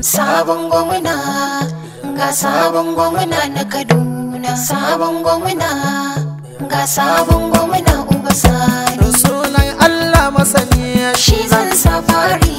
sabon gwamna ga sabon gwamna na kaduna sabon gwamna ga sabon gwamna uba sani sunan allah masaniya shi zan safari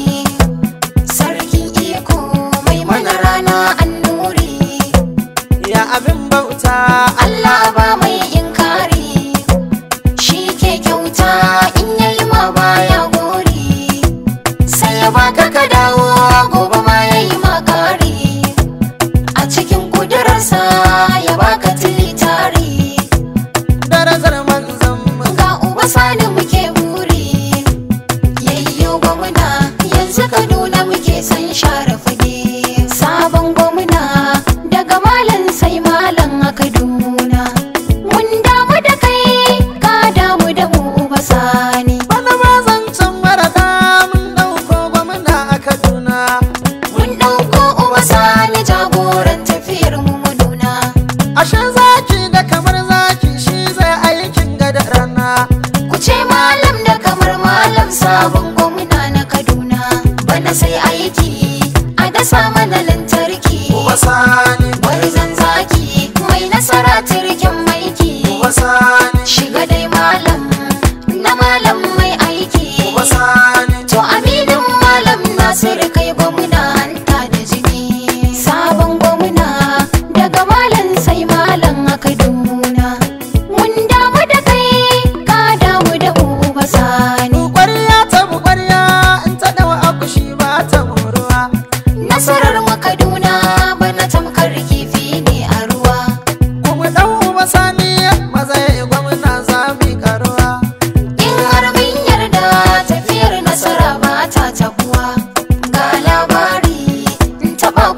a kaduna muke san share fage sabon gwamna daga malam sai malam a kaduna mun damu da kai ka damu da mu uba sani bana ma zancen maraka mun dauko gwamna a kaduna mun dauko uba sani jagoran tafiyar mu Maduna. ashe zaki da kamar zaki shi zai aikin gada rana ku ce malam da kamar malam sabon mana sai aiki a dasa mana lantarki wasani bari zaki mai nasara turken maiki wasani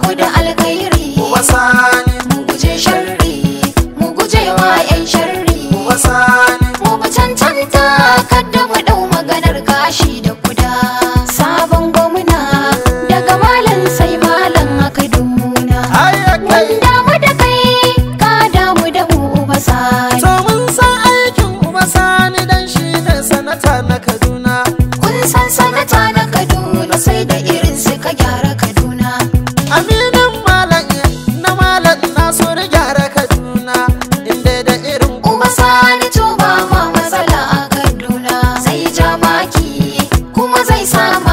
ku da alkai smile.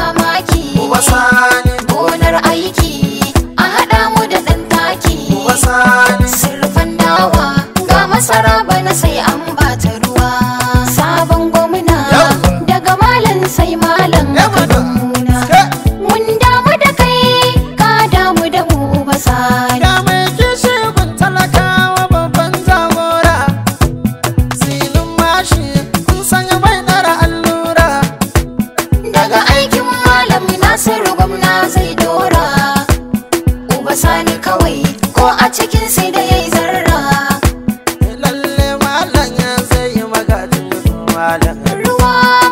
malam ya zai magajin malam ruwa